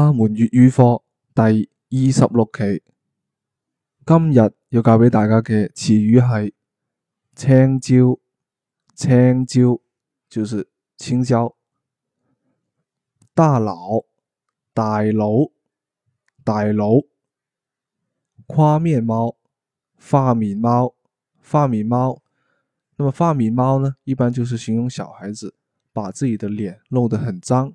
阿、啊、門粵語課第二十六期，今日要教俾大家嘅詞語係青椒，青椒就是青椒。大佬，大佬，大佬，花面貓，花面貓，花面貓。咁啊，花面貓呢？一般就是形容小孩子把自己的臉弄得很髒。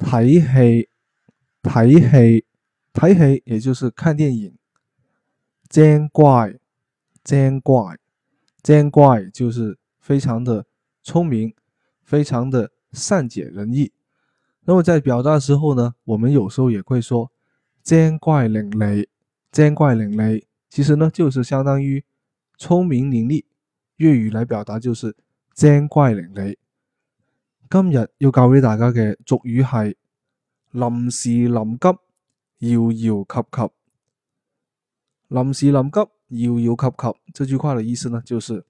睇戲，睇戲，睇戲，也就是看電影。精乖，精乖，精乖就是非常的聰明，非常的善解人意。那麼在表達的時候呢，我們有時候也會說“精乖伶俐”，“精乖伶俐”，其實呢就是相當於聰明伶俐。粵語來表達就是怪雷“精乖伶俐”。今日要教俾大家嘅俗語係臨時臨急，搖搖岌岌。臨時臨急，搖搖岌岌。這句話的意思呢，就是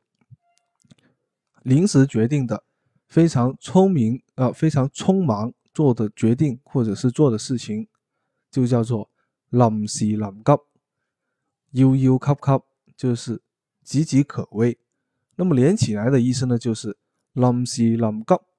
臨時決定的非常聰明啊、呃，非常匆忙做的決定或者是做的事情，就叫做臨時臨急，搖搖岌岌。就是岌岌可危。那麼連起來的意思呢，就是臨時臨急。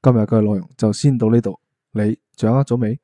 今日嘅內容就先到呢度，你掌握咗未？